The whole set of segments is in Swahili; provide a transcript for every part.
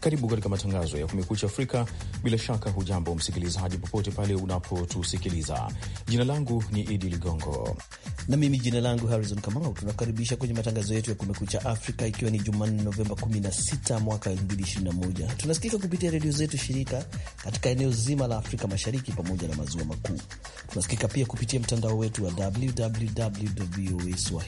Karibu katika matangazo ya Kumekucha Afrika. Bila shaka, hujambo msikilizaji, popote pale unapotusikiliza. Jina langu ni Idi Ligongo na mimi jina langu Harrison Kamau. Tunakaribisha kwenye matangazo yetu ya Kumekucha Afrika, ikiwa ni Jumanne Novemba 16 mwaka 2021. Tunasikika kupitia redio zetu shirika katika eneo zima la Afrika Mashariki pamoja na maziwa makuu. Tunasikika pia kupitia mtandao wetu wa www voa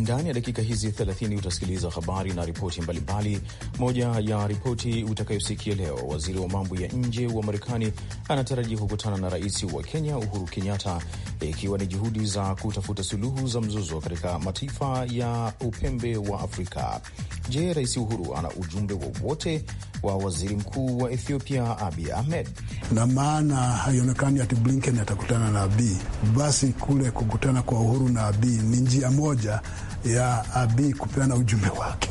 Ndani ya dakika hizi 30 utasikiliza habari na ripoti mbalimbali. Moja ya ripoti utakayosikia leo, waziri wa mambo ya nje wa Marekani anatarajia kukutana na rais wa Kenya Uhuru Kenyatta, ikiwa ni juhudi za kutafuta suluhu za mzozo katika mataifa ya upembe wa Afrika. Je, Rais Uhuru ana ujumbe wowote wa waziri mkuu wa Ethiopia Abiy Ahmed. Na maana haionekani ati Blinken atakutana na Abiy, basi kule kukutana kwa Uhuru na Abiy ni njia moja ya Abiy kupeana ujumbe wake.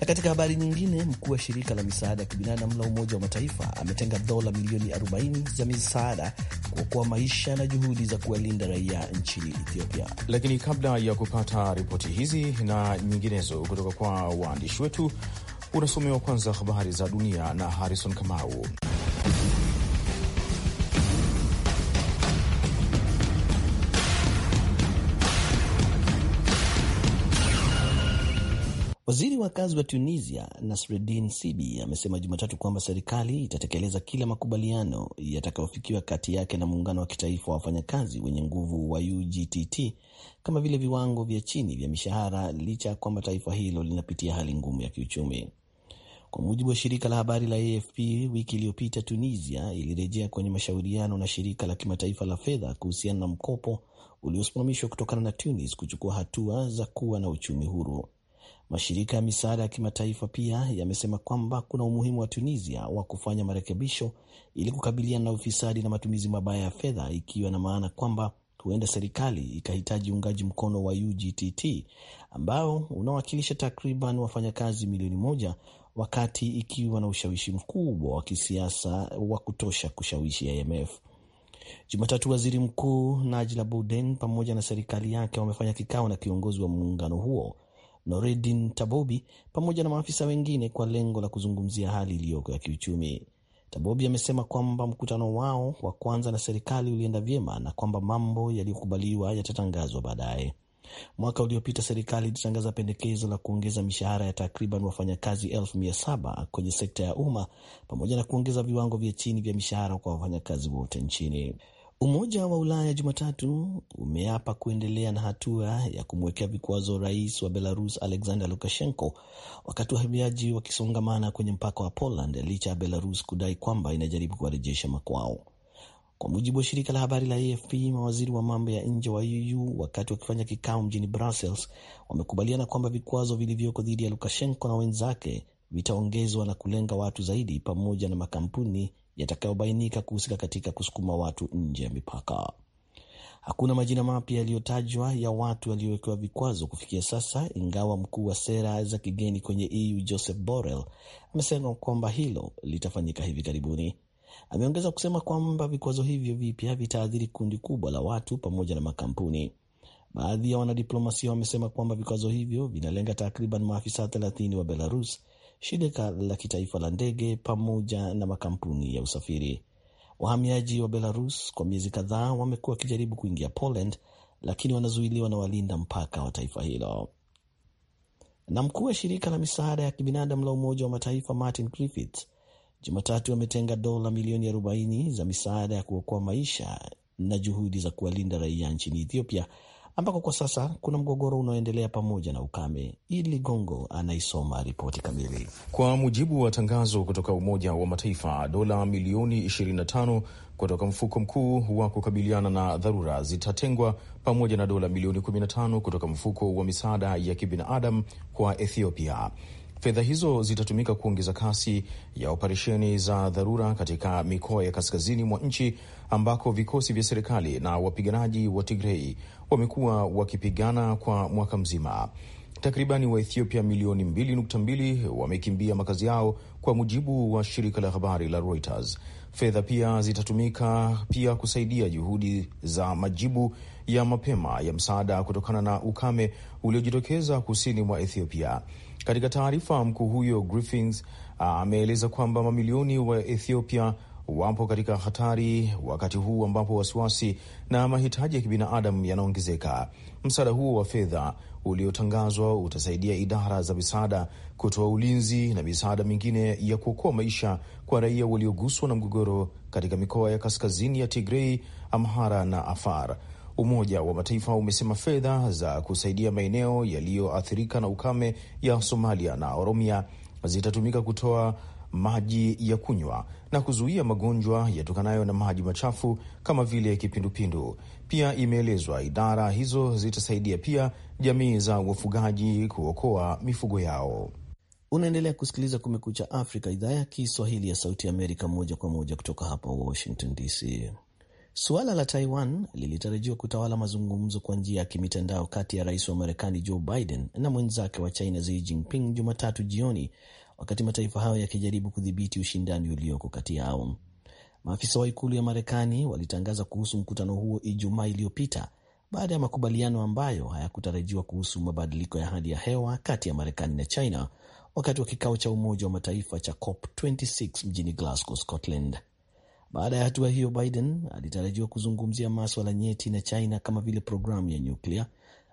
Na katika habari nyingine, mkuu wa shirika la misaada ya kibinadamu la Umoja wa Mataifa ametenga dola milioni 40 za misaada kuokoa maisha na juhudi za kuwalinda raia nchini Ethiopia. Lakini kabla ya kupata ripoti hizi na nyinginezo kutoka kwa waandishi wetu, unasomewa kwanza habari za dunia na Harrison Kamau. Waziri wa kazi wa Tunisia Nasreddin Sibi amesema Jumatatu kwamba serikali itatekeleza kila makubaliano yatakayofikiwa kati yake na muungano wa kitaifa wa wafanyakazi wenye nguvu wa UGTT kama vile viwango vya chini vya mishahara, licha ya kwamba taifa hilo linapitia hali ngumu ya kiuchumi. Kwa mujibu wa shirika la habari la AFP, wiki iliyopita Tunisia ilirejea kwenye mashauriano na shirika la kimataifa la fedha kuhusiana na mkopo uliosimamishwa kutokana na Tunis kuchukua hatua za kuwa na uchumi huru. Mashirika ya misaada ya kimataifa pia yamesema kwamba kuna umuhimu wa Tunisia wa kufanya marekebisho ili kukabiliana na ufisadi na matumizi mabaya ya fedha, ikiwa na maana kwamba huenda serikali ikahitaji uungaji mkono wa UGTT ambao unawakilisha takriban wafanyakazi milioni moja wakati ikiwa na ushawishi mkubwa wa kisiasa wa kutosha kushawishi IMF. Jumatatu, waziri mkuu Najla buden pamoja na serikali yake wamefanya kikao na kiongozi wa muungano huo Noreddin Tabobi pamoja na maafisa wengine kwa lengo la kuzungumzia hali iliyoko ya kiuchumi. Tabobi amesema kwamba mkutano wao wa kwanza na serikali ulienda vyema na kwamba mambo yaliyokubaliwa yatatangazwa baadaye. Mwaka uliopita serikali ilitangaza pendekezo la kuongeza mishahara ya takriban wafanyakazi elfu mia saba kwenye sekta ya umma pamoja na kuongeza viwango vya chini vya mishahara kwa wafanyakazi wote nchini. Umoja wa Ulaya Jumatatu umeapa kuendelea na hatua ya kumwekea vikwazo rais wa Belarus Alexander Lukashenko wakati wahamiaji wakisongamana kwenye mpaka wa Poland licha ya Belarus kudai kwamba inajaribu kuwarejesha makwao. Kwa mujibu wa shirika la habari la AFP, mawaziri wa mambo ya nje wa EU wakati wakifanya kikao mjini Brussels wamekubaliana kwamba vikwazo vilivyoko dhidi ya Lukashenko na wenzake vitaongezwa na kulenga watu zaidi pamoja na makampuni yatakayobainika kuhusika katika kusukuma watu nje ya mipaka. Hakuna majina mapya yaliyotajwa ya watu waliowekewa vikwazo kufikia sasa, ingawa mkuu wa sera za kigeni kwenye EU Joseph Borrell amesema kwamba hilo litafanyika hivi karibuni. Ameongeza kusema kwamba vikwazo hivyo vipya vitaathiri kundi kubwa la watu pamoja na makampuni. Baadhi ya wanadiplomasia wamesema kwamba vikwazo hivyo vinalenga takriban maafisa 30 wa Belarus shirika la kitaifa la ndege pamoja na makampuni ya usafiri. Wahamiaji wa Belarus kwa miezi kadhaa wamekuwa wakijaribu kuingia Poland, lakini wanazuiliwa na walinda mpaka wa taifa hilo. Na mkuu wa shirika la misaada ya kibinadamu la Umoja wa Mataifa Martin Griffiths Jumatatu ametenga dola milioni 40 za misaada ya kuokoa maisha na juhudi za kuwalinda raia nchini Ethiopia ambako kwa sasa kuna mgogoro unaoendelea pamoja na ukame. ili gongo anaisoma ripoti kamili. Kwa mujibu wa tangazo kutoka Umoja wa Mataifa, dola milioni 25 kutoka mfuko mkuu wa kukabiliana na dharura zitatengwa pamoja na dola milioni 15 kutoka mfuko wa misaada ya kibinadamu kwa Ethiopia. Fedha hizo zitatumika kuongeza kasi ya operesheni za dharura katika mikoa ya kaskazini mwa nchi ambako vikosi vya serikali na wapiganaji wa Tigrei wamekuwa wakipigana kwa mwaka mzima. Takribani Waethiopia milioni 2.2 wamekimbia makazi yao kwa mujibu wa shirika la habari la Reuters. Fedha pia zitatumika pia kusaidia juhudi za majibu ya mapema ya msaada kutokana na ukame uliojitokeza kusini mwa Ethiopia. Katika taarifa, mkuu huyo Griffiths ah, ameeleza kwamba mamilioni wa Ethiopia wapo katika hatari wakati huu ambapo wasiwasi na mahitaji ya kibinadamu yanaongezeka. Msaada huo wa fedha uliotangazwa utasaidia idara za misaada kutoa ulinzi na misaada mingine ya kuokoa maisha kwa raia walioguswa na mgogoro katika mikoa ya kaskazini ya Tigrei, Amhara na Afar. Umoja wa Mataifa umesema fedha za kusaidia maeneo yaliyoathirika na ukame ya Somalia na Oromia zitatumika kutoa maji ya kunywa na kuzuia magonjwa yatokanayo na maji machafu kama vile kipindupindu. Pia imeelezwa idara hizo zitasaidia pia jamii za wafugaji kuokoa mifugo yao. Unaendelea kusikiliza Kumekucha Afrika, idhaa ya Kiswahili ya Sauti ya Amerika, moja kwa moja kutoka hapa Washington DC. Suala la Taiwan lilitarajiwa kutawala mazungumzo kwa njia ya kimitandao kati ya rais wa Marekani Joe Biden na mwenzake wa China Xi Jinping Jumatatu jioni, wakati mataifa hayo yakijaribu kudhibiti ushindani ulioko kati yao. Maafisa wa ikulu ya Marekani walitangaza kuhusu mkutano huo Ijumaa iliyopita baada ya makubaliano ambayo hayakutarajiwa kuhusu mabadiliko ya hali ya hewa kati ya Marekani na China wakati wa kikao cha Umoja wa Mataifa cha COP 26 mjini Glasgow, Scotland. Baada ya hatua hiyo, Biden alitarajiwa kuzungumzia maswala nyeti na China kama vile programu ya nyuklia,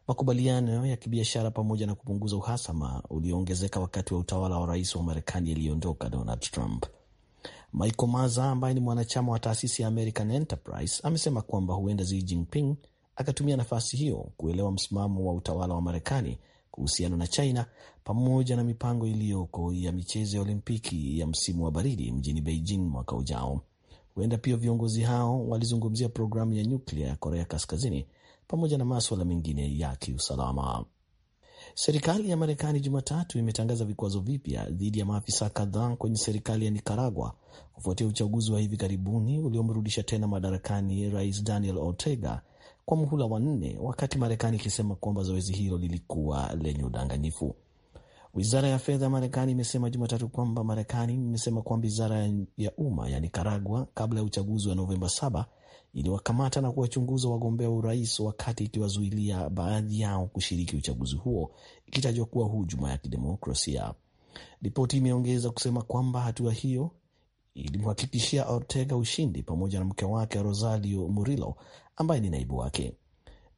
makubaliano ya kibiashara, pamoja na kupunguza uhasama ulioongezeka wakati wa utawala wa rais wa Marekani aliyeondoka Donald Trump. Michael Maza ambaye ni mwanachama wa taasisi ya American Enterprise amesema kwamba huenda Xi Jinping akatumia nafasi hiyo kuelewa msimamo wa utawala wa Marekani kuhusiana na China pamoja na mipango iliyoko ya michezo ya Olimpiki ya msimu wa baridi mjini Beijing mwaka ujao. Huenda pia viongozi hao walizungumzia programu ya nyuklia ya Korea Kaskazini pamoja na maswala mengine ya kiusalama. Serikali ya Marekani Jumatatu imetangaza vikwazo vipya dhidi ya maafisa kadhaa kwenye serikali ya nikaragua kufuatia uchaguzi wa hivi karibuni uliomrudisha tena madarakani Rais Daniel Ortega kwa muhula wa nne, wakati Marekani ikisema kwamba zoezi hilo lilikuwa lenye udanganyifu. Wizara ya fedha ya Marekani imesema Jumatatu kwamba Marekani imesema kwamba wizara ya umma ya Nikaragua kabla ya uchaguzi wa Novemba 7 iliwakamata na kuwachunguza wagombea wa urais wakati ikiwazuilia baadhi yao kushiriki uchaguzi huo ikitajwa kuwa hujuma ya kidemokrasia. Ripoti imeongeza kusema kwamba hatua hiyo ilimhakikishia Ortega ushindi pamoja na mke wake Rosario Murillo ambaye ni naibu wake.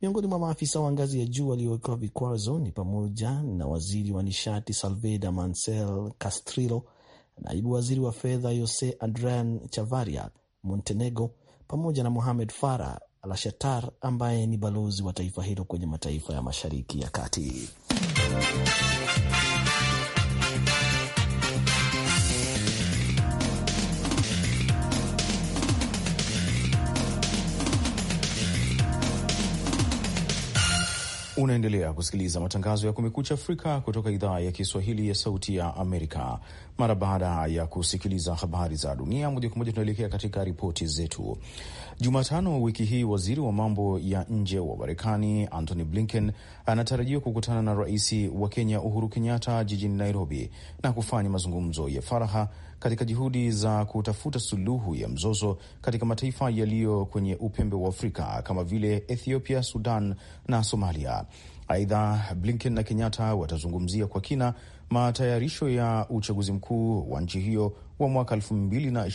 Miongoni mwa maafisa wa ngazi ya juu waliowekewa vikwazo ni pamoja na waziri wa nishati salveda Mansel Castrillo, naibu waziri wa fedha Jose Adrian Chavaria Montenegro, pamoja na Mohamed Farah alashatar ambaye ni balozi wa taifa hilo kwenye mataifa ya Mashariki ya Kati. Unaendelea kusikiliza matangazo ya Kumekucha Afrika kutoka idhaa ya Kiswahili ya Sauti ya Amerika. Mara baada ya kusikiliza habari za dunia moja kwa moja, tunaelekea katika ripoti zetu. Jumatano wiki hii waziri wa mambo ya nje wa Marekani Antony Blinken anatarajiwa kukutana na rais wa Kenya Uhuru Kenyatta jijini Nairobi na kufanya mazungumzo ya faraha katika juhudi za kutafuta suluhu ya mzozo katika mataifa yaliyo kwenye upembe wa Afrika kama vile Ethiopia, Sudan na Somalia. Aidha, Blinken na Kenyatta watazungumzia kwa kina matayarisho ya uchaguzi mkuu wa nchi hiyo wa mwaka 2022 na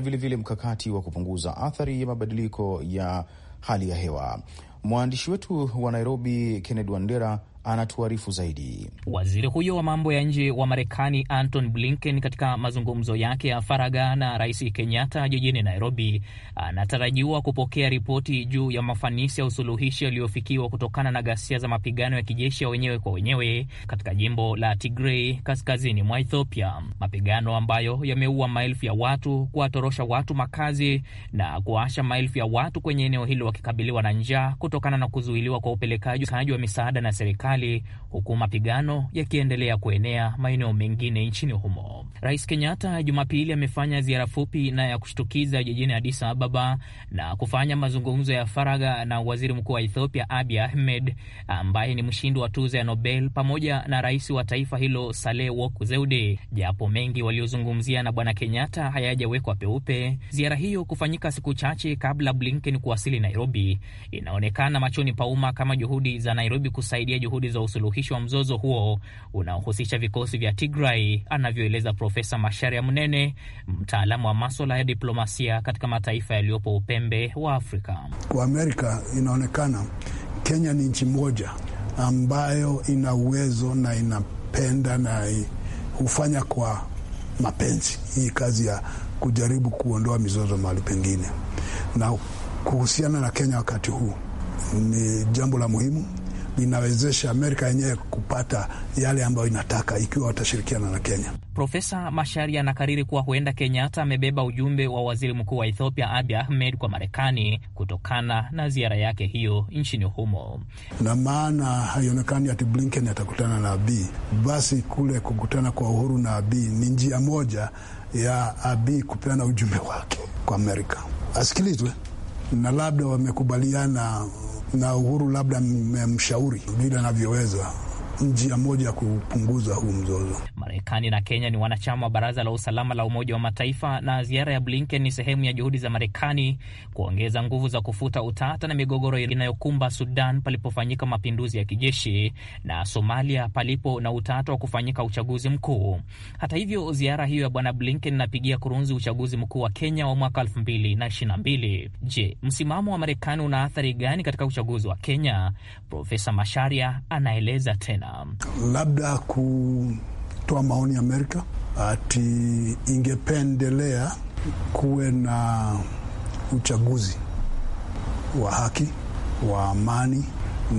vilevile vile mkakati wa kupunguza athari ya mabadiliko ya hali ya hewa. Mwandishi wetu wa Nairobi kenned Wandera anatuarifu zaidi. Waziri huyo wa mambo ya nje wa Marekani Anton Blinken, katika mazungumzo yake ya faraga na Rais Kenyatta jijini Nairobi, anatarajiwa kupokea ripoti juu ya mafanisi ya usuluhishi yaliyofikiwa kutokana na ghasia za mapigano ya kijeshi ya wenyewe kwa wenyewe katika jimbo la Tigrei kaskazini mwa Ethiopia, mapigano ambayo yameua maelfu ya watu, kuwatorosha watu makazi na kuwaasha maelfu ya watu kwenye eneo hilo wakikabiliwa na njaa kutokana na kuzuiliwa kwa upelekaji wa misaada na serikali serikali huku mapigano yakiendelea kuenea maeneo mengine nchini humo. Rais Kenyatta Jumapili amefanya ziara fupi na ya kushtukiza jijini Addis Ababa na kufanya mazungumzo ya faragha na waziri mkuu wa Ethiopia Abiy Ahmed ambaye ni mshindi wa tuzo ya Nobel pamoja na rais wa taifa hilo Saleh Wok Zewde. Japo mengi waliozungumzia na bwana Kenyatta hayajawekwa peupe, ziara hiyo kufanyika siku chache kabla Blinken kuwasili Nairobi inaonekana machoni pa umma kama juhudi za Nairobi kusaidia juhudi juhudi za usuluhishi wa mzozo huo unaohusisha vikosi vya tigrai anavyoeleza Profesa Masharia mnene mtaalamu wa maswala ya diplomasia katika mataifa yaliyopo upembe wa Afrika. Kwa Amerika inaonekana Kenya ni nchi moja ambayo ina uwezo na inapenda na hufanya kwa mapenzi hii kazi ya kujaribu kuondoa mizozo mahali pengine, na kuhusiana na Kenya wakati huu ni jambo la muhimu linawezesha Amerika yenyewe kupata yale ambayo inataka ikiwa watashirikiana na Kenya. Profesa Mashari anakariri kuwa huenda Kenyatta amebeba ujumbe wa waziri mkuu wa Ethiopia Abiy Ahmed kwa Marekani kutokana na ziara yake hiyo nchini humo, na maana haionekani ati Blinken atakutana na Abiy. Basi kule kukutana kwa Uhuru na Abiy ni njia moja ya Abiy kupeana ujumbe wake kwa Amerika asikilizwe, na labda wamekubaliana na Uhuru labda mmemshauri vile anavyoweza njia moja ya kupunguza huu mzozo. Marekani na Kenya ni wanachama wa Baraza la Usalama la Umoja wa Mataifa, na ziara ya Blinken ni sehemu ya juhudi za Marekani kuongeza nguvu za kufuta utata na migogoro inayokumba Sudan palipofanyika mapinduzi ya kijeshi na Somalia palipo na utata wa kufanyika uchaguzi mkuu. Hata hivyo, ziara hiyo ya Bwana Blinken inapigia kurunzi uchaguzi mkuu wa Kenya wa mwaka na mbili Je, msimamo wa Marekani una athari gani katika uchaguzi wa Kenya? Profesa Masharia anaeleza tena. Labda kutoa maoni Amerika ati ingependelea kuwe na uchaguzi wa haki, wa amani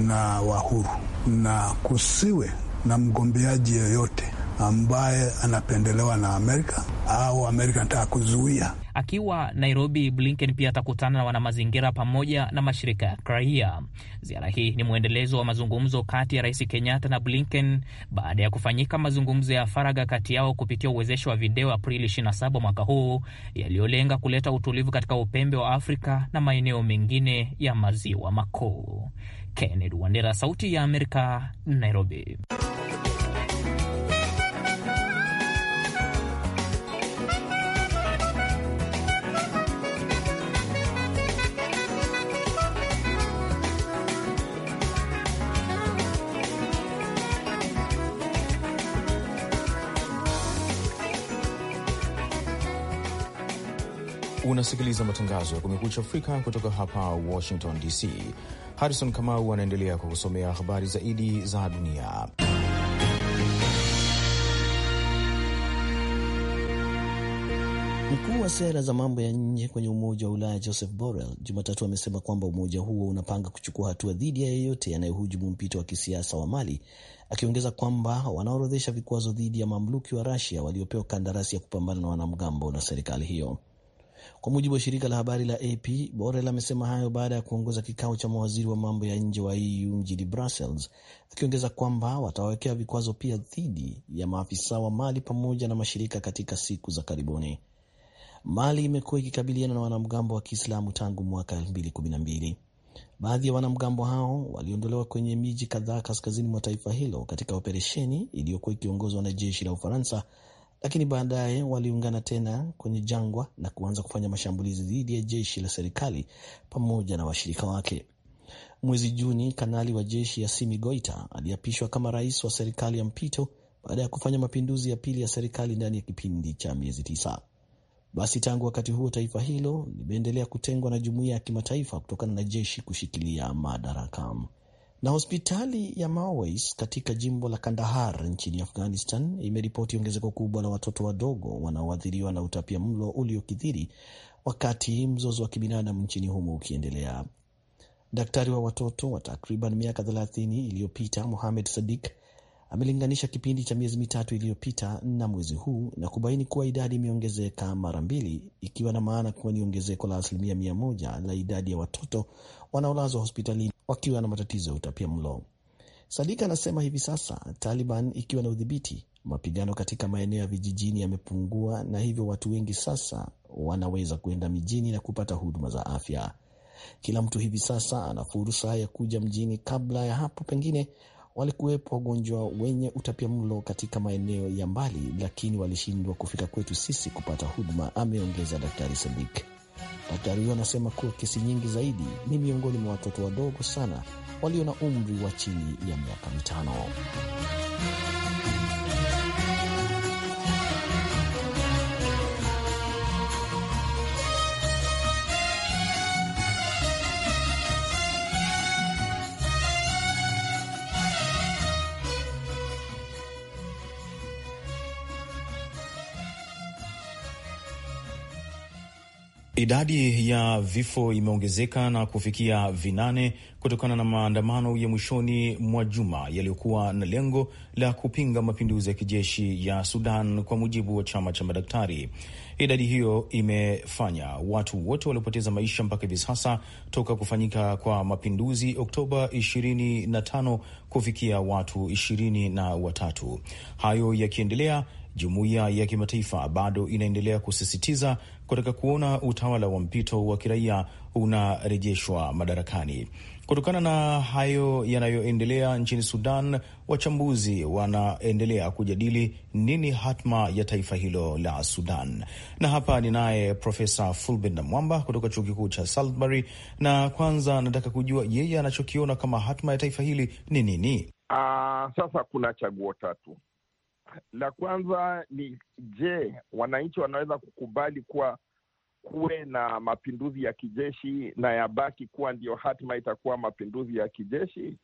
na wa huru, na kusiwe na mgombeaji yoyote ambaye anapendelewa na Amerika au Amerika anataka kuzuia Akiwa Nairobi, Blinken pia atakutana na wanamazingira pamoja na mashirika ya kiraia. Ziara hii ni mwendelezo wa mazungumzo kati ya Rais Kenyatta na Blinken baada ya kufanyika mazungumzo ya faraga kati yao kupitia uwezesho wa video Aprili 27 mwaka huu, yaliyolenga kuleta utulivu katika upembe wa Afrika na maeneo mengine ya maziwa makuu. Kennedy Wandera, Sauti ya Amerika, Nairobi. Unasikiliza matangazo ya Kumekucha Afrika kutoka hapa Washington DC. Harrison Kamau anaendelea kukusomea habari zaidi za dunia. Mkuu wa sera za mambo ya nje kwenye Umoja wa Ulaya Joseph Borrell Jumatatu amesema kwamba umoja huo unapanga kuchukua hatua dhidi ya yeyote yanayohujumu mpito wa kisiasa wa Mali, akiongeza kwamba wanaorodhesha vikwazo dhidi ya mamluki wa Rusia waliopewa kandarasi ya kupambana na wanamgambo na serikali hiyo. Kwa mujibu wa shirika la habari la AP, Borrell amesema hayo baada ya kuongoza kikao cha mawaziri wa mambo ya nje wa EU mjini Brussels, akiongeza kwamba watawawekea vikwazo pia dhidi ya maafisa wa Mali pamoja na mashirika katika siku za karibuni. Mali imekuwa ikikabiliana na wanamgambo wa Kiislamu tangu mwaka 2012. Baadhi ya wanamgambo hao waliondolewa kwenye miji kadhaa kaskazini mwa taifa hilo katika operesheni iliyokuwa ikiongozwa na jeshi la Ufaransa lakini baadaye waliungana tena kwenye jangwa na kuanza kufanya mashambulizi dhidi ya jeshi la serikali pamoja na washirika wake. Mwezi Juni, kanali wa jeshi Assimi Goita aliapishwa kama rais wa serikali ya mpito baada ya kufanya mapinduzi ya pili ya serikali ndani ya kipindi cha miezi tisa. Basi tangu wakati huo taifa hilo limeendelea kutengwa na jumuiya ya kimataifa kutokana na jeshi kushikilia madarakamu na hospitali ya Mawais katika jimbo la Kandahar nchini Afghanistan imeripoti ongezeko kubwa la watoto wadogo wanaoathiriwa na utapia mlo uliokithiri wakati mzozo wa kibinadamu nchini humo ukiendelea. Daktari wa watoto wa takriban miaka 30 iliyopita Mohamed Sadik amelinganisha kipindi cha miezi mitatu iliyopita na mwezi huu na kubaini kuwa idadi imeongezeka mara mbili, ikiwa na maana kuwa ni ongezeko la asilimia mia moja la idadi ya watoto wanaolazwa hospitalini wakiwa na matatizo ya utapia mlo sadika anasema hivi sasa Taliban ikiwa na udhibiti, mapigano katika maeneo ya vijijini yamepungua, na hivyo watu wengi sasa wanaweza kuenda mijini na kupata huduma za afya. Kila mtu hivi sasa ana fursa ya kuja mjini. Kabla ya hapo, pengine walikuwepo wagonjwa wenye utapia mlo katika maeneo ya mbali, lakini walishindwa kufika kwetu sisi kupata huduma, ameongeza Daktari Sadik. Daktari huyo anasema kuwa kesi nyingi zaidi ni miongoni mwa watoto wadogo sana walio na umri wa chini ya miaka mitano. Idadi ya vifo imeongezeka na kufikia vinane kutokana na maandamano ya mwishoni mwa juma yaliyokuwa na lengo la kupinga mapinduzi ya kijeshi ya Sudan, kwa mujibu wa chama cha madaktari. Idadi hiyo imefanya watu wote waliopoteza maisha mpaka hivi sasa toka kufanyika kwa mapinduzi Oktoba 25 kufikia watu ishirini na watatu. Hayo yakiendelea jumuiya ya kimataifa bado inaendelea kusisitiza kutaka kuona utawala wa mpito wa kiraia unarejeshwa madarakani. Kutokana na hayo yanayoendelea nchini Sudan, wachambuzi wanaendelea kujadili nini hatma ya taifa hilo la Sudan, na hapa ninaye Profesa Fulben na Mwamba kutoka chuo kikuu cha Salisbury, na kwanza nataka kujua yeye anachokiona kama hatma ya taifa hili ni nini. Aa, ah, sasa kuna chaguo tatu la kwanza ni je, wananchi wanaweza kukubali kuwa kuwe na mapinduzi ya kijeshi na yabaki kuwa ndiyo hatima itakuwa mapinduzi ya kijeshi?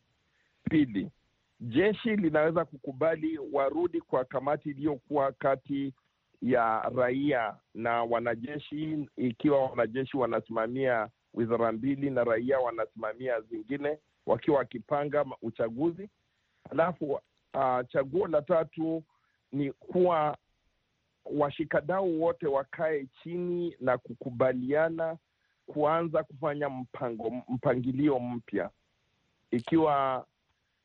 Pili, jeshi linaweza kukubali warudi kwa kamati iliyokuwa kati ya raia na wanajeshi, ikiwa wanajeshi wanasimamia wizara mbili na raia wanasimamia zingine, wakiwa wakipanga uchaguzi. Alafu uh, chaguo la tatu ni kuwa washikadau wote wakae chini na kukubaliana kuanza kufanya mpango mpangilio mpya, ikiwa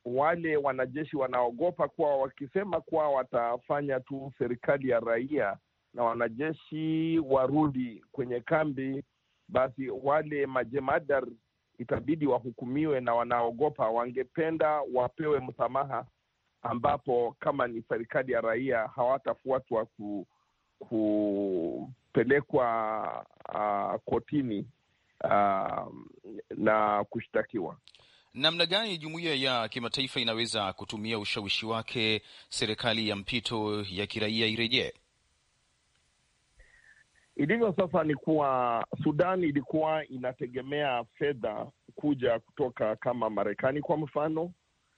wale wanajeshi wanaogopa kuwa wakisema kuwa watafanya tu serikali ya raia na wanajeshi warudi kwenye kambi, basi wale majemadar itabidi wahukumiwe, na wanaogopa, wangependa wapewe msamaha ambapo kama ni serikali ya raia hawatafuatwa ku, kupelekwa uh, kotini uh, na kushtakiwa. Namna gani jumuiya ya kimataifa inaweza kutumia ushawishi wake serikali ya mpito ya kiraia irejee? Ilivyo sasa ni kuwa Sudan ilikuwa inategemea fedha kuja kutoka kama Marekani kwa mfano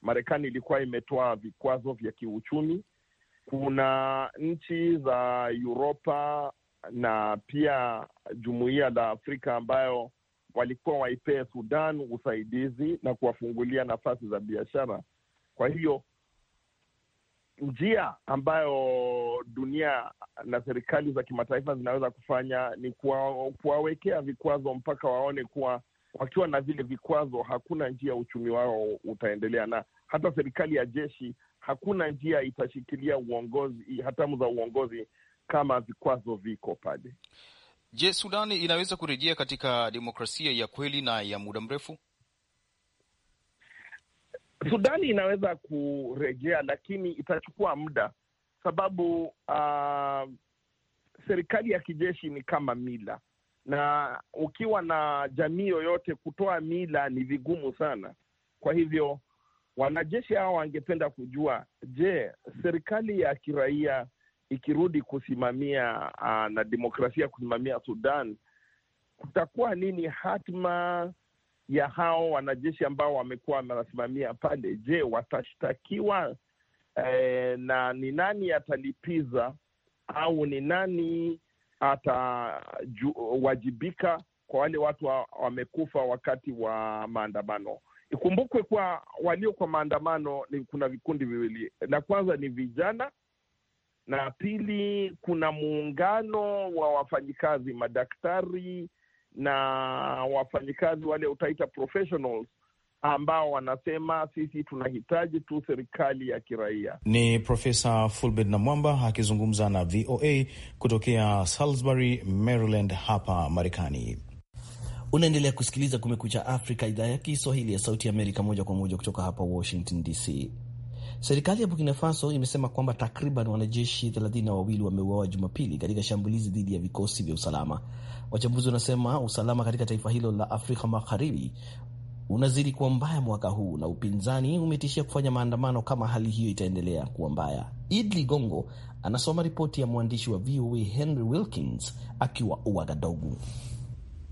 Marekani ilikuwa imetoa vikwazo vya kiuchumi. Kuna nchi za Uropa na pia jumuiya la Afrika ambayo walikuwa waipee Sudan usaidizi na kuwafungulia nafasi za biashara. Kwa hiyo njia ambayo dunia na serikali za kimataifa zinaweza kufanya ni kuwa, kuwawekea vikwazo mpaka waone kuwa wakiwa na vile vikwazo, hakuna njia uchumi wao utaendelea, na hata serikali ya jeshi hakuna njia itashikilia uongozi, hatamu za uongozi kama vikwazo viko pale. Je, Sudani inaweza kurejea katika demokrasia ya kweli na ya muda mrefu? Sudani inaweza kurejea, lakini itachukua muda, sababu uh, serikali ya kijeshi ni kama mila na ukiwa na jamii yoyote, kutoa mila ni vigumu sana. Kwa hivyo wanajeshi hawa wangependa kujua, je, serikali ya kiraia ikirudi kusimamia aa, na demokrasia kusimamia Sudan, kutakuwa nini hatma ya hao wanajeshi ambao wamekuwa wanasimamia pale? Je, watashtakiwa eh, na ni nani atalipiza au ni nani atawajibika kwa wale watu wamekufa wakati wa maandamano. Ikumbukwe kwa walio kwa maandamano ni kuna vikundi viwili, la kwanza ni vijana na pili kuna muungano wa wafanyikazi, madaktari na wafanyikazi wale utaita professionals ambao wanasema sisi tunahitaji tu serikali ya kiraia. Ni Profesa Fulbert Namwamba akizungumza na VOA kutokea Salisbury, Maryland, hapa Marekani. Unaendelea kusikiliza Kumekucha Afrika, idhaa ya Kiswahili ya Sauti Amerika, moja kwa moja kutoka hapa Washington DC. Serikali ya Burkina Faso imesema kwamba takriban wanajeshi thelathini na wawili wameuawa Jumapili katika shambulizi dhidi ya vikosi vya usalama. Wachambuzi wanasema usalama katika taifa hilo la Afrika Magharibi unazidi kuwa mbaya mwaka huu na upinzani umetishia kufanya maandamano kama hali hiyo itaendelea kuwa mbaya. Idli Gongo anasoma ripoti ya mwandishi wa VOA Henry Wilkins akiwa Uagadogu.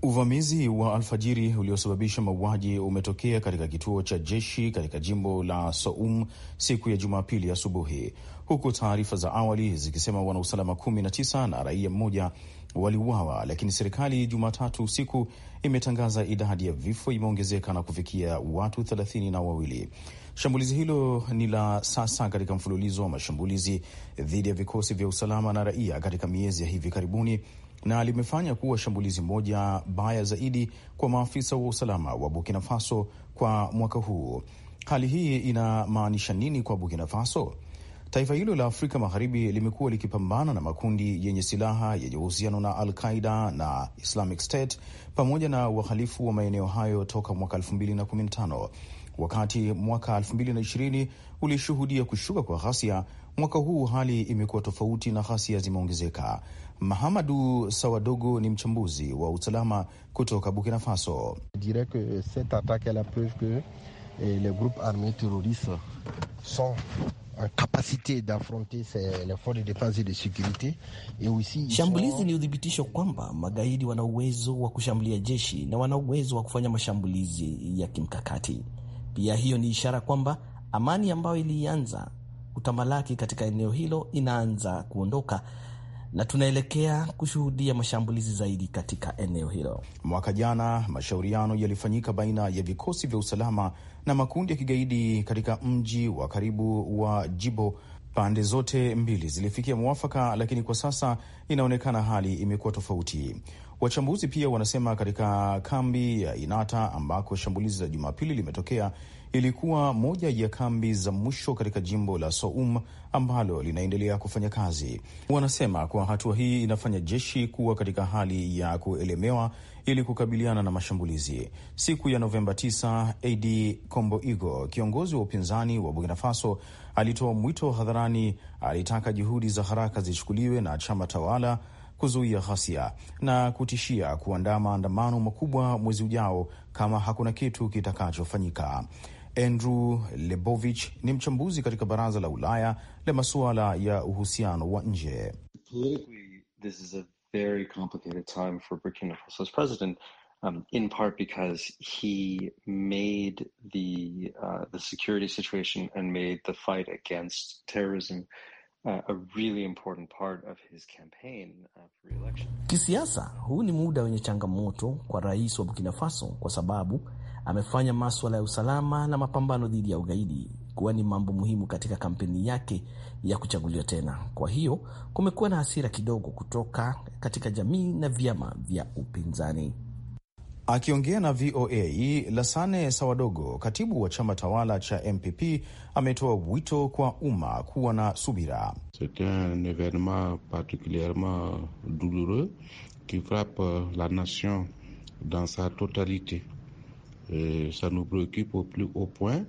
Uvamizi wa alfajiri uliosababisha mauaji umetokea katika kituo cha jeshi katika jimbo la Soum siku ya Jumapili asubuhi, huku taarifa za awali zikisema wanausalama 19 na raia mmoja waliuawa, lakini serikali Jumatatu usiku imetangaza idadi ya vifo imeongezeka na kufikia watu thelathini na wawili. Shambulizi hilo ni la sasa katika mfululizo wa mashambulizi dhidi ya vikosi vya usalama na raia katika miezi ya hivi karibuni na limefanya kuwa shambulizi moja baya zaidi kwa maafisa wa usalama wa Burkina Faso kwa mwaka huu. Hali hii inamaanisha nini kwa Burkina Faso? Taifa hilo la Afrika Magharibi limekuwa likipambana na makundi yenye silaha yenye uhusiano na Al Qaida na Islamic State pamoja na wahalifu wa maeneo hayo toka mwaka 2015. Wakati mwaka 2020 ulishuhudia kushuka kwa ghasia, mwaka huu hali imekuwa tofauti na ghasia zimeongezeka. Mahamadu Sawadogo ni mchambuzi wa usalama kutoka Burkina Faso en euh, capacité d'affronter forces de défense et de sécurité. Et aussi, shambulizi sont... ni uthibitisho kwamba magaidi wana uwezo wa kushambulia jeshi na wana uwezo wa kufanya mashambulizi ya kimkakati. Pia hiyo ni ishara kwamba amani ambayo ilianza kutamalaki katika eneo hilo inaanza kuondoka na tunaelekea kushuhudia mashambulizi zaidi katika eneo hilo. Mwaka jana mashauriano yalifanyika baina ya vikosi vya usalama na makundi ya kigaidi katika mji wa karibu wa Jibo. Pande zote mbili zilifikia mwafaka, lakini kwa sasa inaonekana hali imekuwa tofauti. Wachambuzi pia wanasema katika kambi ya Inata ambako shambulizi la Jumapili limetokea ilikuwa moja ya kambi za mwisho katika jimbo la Soum ambalo linaendelea kufanya kazi. Wanasema kwa hatua hii inafanya jeshi kuwa katika hali ya kuelemewa ili kukabiliana na mashambulizi. Siku ya Novemba 9, AD Kombo Igo, kiongozi wa upinzani wa Burkina Faso, alitoa mwito hadharani. Alitaka juhudi za haraka zichukuliwe na chama tawala kuzuia ghasia na kutishia kuandaa maandamano makubwa mwezi ujao kama hakuna kitu kitakachofanyika. Andrew Lebovich ni mchambuzi katika Baraza la Ulaya la masuala ya uhusiano wa nje. Um, in part because he made the, uh, the security situation and made the fight against terrorism uh, a really important part of his campaign uh, for election. Kisiasa, huu ni muda wenye changamoto kwa rais wa Burkina Faso kwa sababu amefanya maswala ya usalama na mapambano dhidi ya ugaidi kuwa ni mambo muhimu katika kampeni yake ya kuchaguliwa tena. Kwa hiyo kumekuwa na hasira kidogo kutoka katika jamii na vyama vya upinzani. Akiongea na VOA, Lasane Sawadogo, katibu wa chama tawala cha MPP, ametoa wito kwa umma kuwa na subira. C'est un evenement particulierement douloureux qui frappe la nation dans sa totalite Et euh, ça nous préoccupe au plus haut point,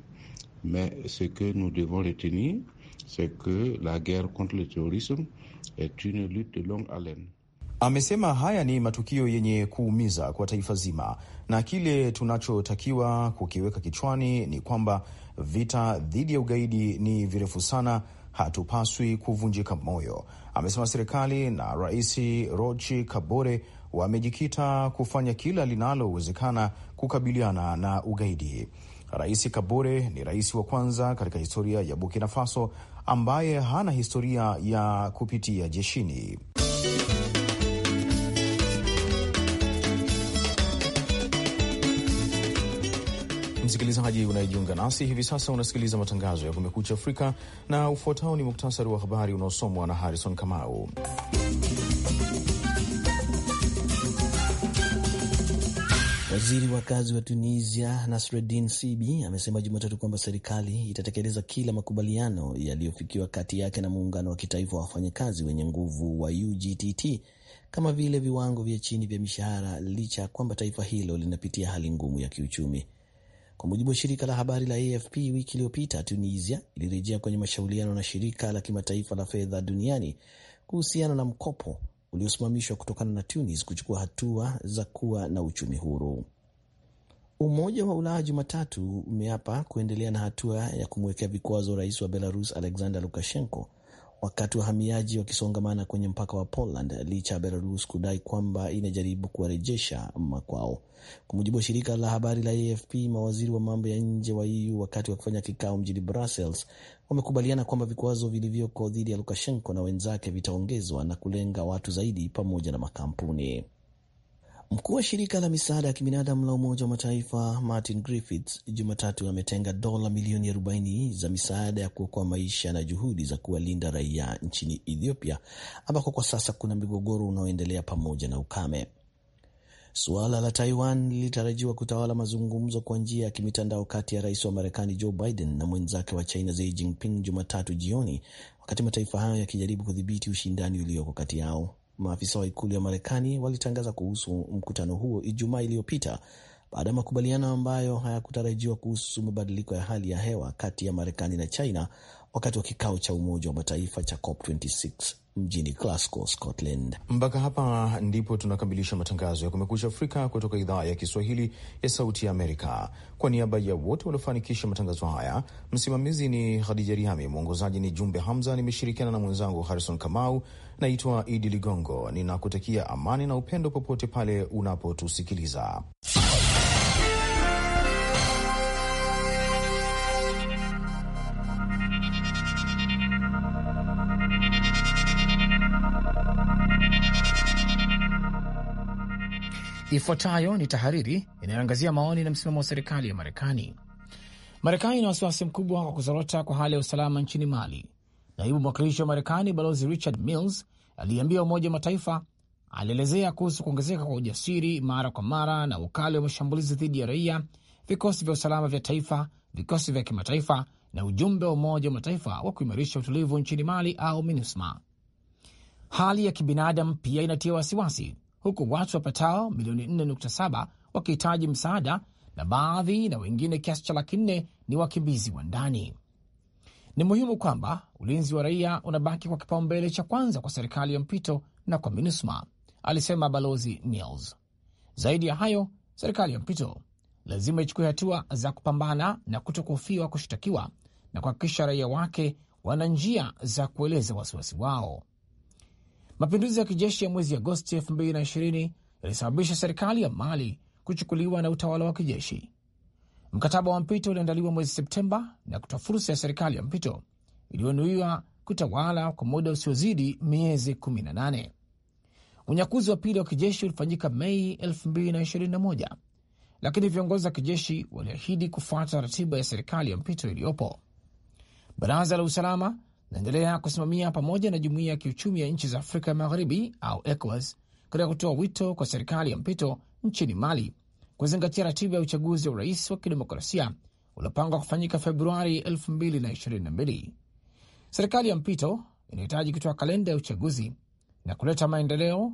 mais ce que nous devons retenir, c'est que la guerre contre le terrorisme est une lutte de longue haleine. Amesema haya ni matukio yenye kuumiza kwa taifa zima, na kile tunachotakiwa kukiweka kichwani ni kwamba vita dhidi ya ugaidi ni virefu sana, hatupaswi kuvunjika moyo, amesema. Serikali na Rais Roch Kabore wamejikita kufanya kila linalowezekana kukabiliana na ugaidi. Rais Kabore ni rais wa kwanza katika historia ya Burkina Faso ambaye hana historia ya kupitia jeshini. Msikilizaji unayejiunga nasi hivi sasa, unasikiliza matangazo ya Kumekucha Afrika, na ufuatao ni muktasari wa habari unaosomwa na Harrison Kamau. Waziri wa kazi wa Tunisia Nasreddin Sibi amesema Jumatatu kwamba serikali itatekeleza kila makubaliano yaliyofikiwa kati yake na muungano wa kitaifa wa wafanyakazi wenye nguvu wa UGTT kama vile viwango vya chini vya mishahara, licha ya kwamba taifa hilo linapitia hali ngumu ya kiuchumi. Kwa mujibu wa shirika la habari la AFP, wiki iliyopita Tunisia ilirejea kwenye mashauriano na shirika la kimataifa la fedha duniani kuhusiana na mkopo uliosimamishwa kutokana na Tunis kuchukua hatua za kuwa na uchumi huru. Umoja wa Ulaya Jumatatu umeapa kuendelea na hatua ya kumwekea vikwazo rais wa Belarus Alexander Lukashenko wakati wahamiaji wakisongamana kwenye mpaka wa Poland licha ya Belarus kudai kwamba inajaribu kuwarejesha makwao. Kwa mujibu wa shirika la habari la AFP, mawaziri wa mambo ya nje wa EU wakati wa kufanya kikao mjini Brussels wamekubaliana kwamba vikwazo vilivyoko dhidi ya Lukashenko na wenzake vitaongezwa na kulenga watu zaidi pamoja na makampuni. Mkuu wa shirika la misaada ya kibinadamu la Umoja wa Mataifa Martin Griffiths Jumatatu ametenga dola milioni 40 za misaada ya kuokoa maisha na juhudi za kuwalinda raia nchini Ethiopia ambako kwa sasa kuna migogoro unaoendelea pamoja na ukame. Suala la Taiwan lilitarajiwa kutawala mazungumzo kwa njia ya kimitandao kati ya rais wa Marekani Joe Biden na mwenzake wa China Xi Jinping Jumatatu jioni, wakati mataifa hayo yakijaribu kudhibiti ushindani ulioko kati yao. Maafisa wa ikulu ya Marekani walitangaza kuhusu mkutano huo Ijumaa iliyopita baada ya makubaliano ambayo hayakutarajiwa kuhusu mabadiliko ya hali ya hewa kati ya Marekani na China wakati wa kikao cha Umoja wa Mataifa cha COP26 mjini Glasgow, Scotland. Mpaka hapa ndipo tunakamilisha matangazo ya Kumekucha Afrika kutoka idhaa ya Kiswahili ya Sauti ya Amerika. Kwa niaba ya wote waliofanikisha matangazo haya, msimamizi ni Khadija riami mwongozaji ni Jumbe Hamza, nimeshirikiana na mwenzangu Harrison Kamau. Naitwa Idi Ligongo, ninakutakia amani na upendo popote pale unapotusikiliza. Ifuatayo ni tahariri inayoangazia maoni na msimamo wa serikali ya Marekani. Marekani ina wasiwasi mkubwa kwa kuzorota kwa hali ya usalama nchini Mali. Naibu mwakilishi wa Marekani Balozi Richard Mills aliyeambia Umoja wa Mataifa alielezea kuhusu kuongezeka kwa ujasiri mara kwa mara na ukali wa mashambulizi dhidi ya raia, vikosi vya usalama vya taifa, vikosi vya kimataifa na ujumbe wa Umoja wa Mataifa wa kuimarisha utulivu nchini Mali au MINUSMA. Hali ya kibinadamu pia inatia wasiwasi huku watu wapatao milioni 4.7 wakihitaji msaada na baadhi na wengine kiasi cha laki nne ni wakimbizi wa ndani. Ni muhimu kwamba ulinzi wa raia unabaki kwa kipaumbele cha kwanza kwa serikali ya mpito na kwa MINUSMA, alisema Balozi Nils. Zaidi ya hayo, serikali ya mpito lazima ichukue hatua za kupambana na kutokuhofiwa kushtakiwa na kuhakikisha raia wake wana njia za kueleza wasiwasi wao. Mapinduzi ya kijeshi ya mwezi Agosti 2020 yalisababisha serikali ya Mali kuchukuliwa na utawala wa kijeshi. Mkataba wa mpito uliandaliwa mwezi Septemba na kutoa fursa ya serikali ya mpito iliyonuiwa kutawala kwa muda usiozidi miezi 18. Unyakuzi wa pili wa kijeshi ulifanyika Mei 2021, lakini viongozi wa kijeshi waliahidi kufuata ratiba ya serikali ya mpito iliyopo. Baraza la usalama naendelea kusimamia pamoja na jumuiya ya kiuchumi ya nchi za Afrika ya Magharibi au ECOWAS katika kutoa wito kwa serikali ya mpito nchini Mali kuzingatia ratiba ya uchaguzi wa urais wa kidemokrasia uliopangwa kufanyika Februari 2022. Serikali ya mpito inahitaji kutoa kalenda ya uchaguzi na kuleta maendeleo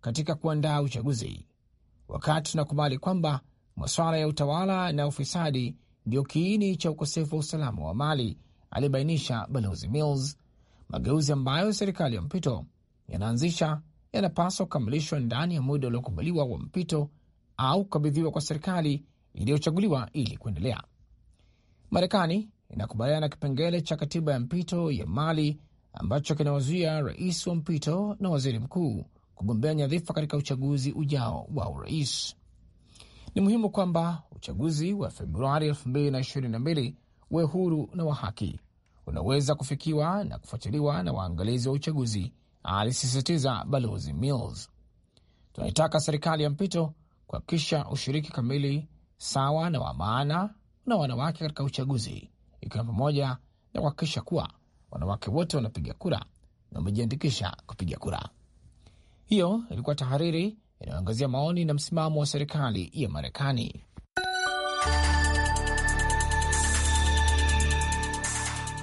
katika kuandaa uchaguzi, wakati tunakubali kwamba masuala ya utawala na ufisadi ndiyo kiini cha ukosefu wa usalama wa Mali alibainisha Balozi Mills. Mageuzi ambayo serikali ya mpito yanaanzisha yanapaswa kukamilishwa ndani ya muda uliokubaliwa wa mpito au kukabidhiwa kwa serikali iliyochaguliwa ili kuendelea. Marekani inakubaliana na kipengele cha katiba ya mpito ya Mali ambacho kinawazuia rais wa mpito na waziri mkuu kugombea nyadhifa katika uchaguzi ujao wa urais. Ni muhimu kwamba uchaguzi wa Februari 2022 uwe huru na wa haki, unaweza kufikiwa na kufuatiliwa na waangalizi wa uchaguzi, alisisitiza Balozi Mills. Tunaitaka serikali ya mpito kuhakikisha ushiriki kamili, sawa na wa maana na wanawake katika uchaguzi, ikiwa pamoja na kuhakikisha kuwa wanawake wote wanapiga kura na wamejiandikisha kupiga kura. Hiyo ilikuwa tahariri inayoangazia maoni na msimamo wa serikali ya Marekani.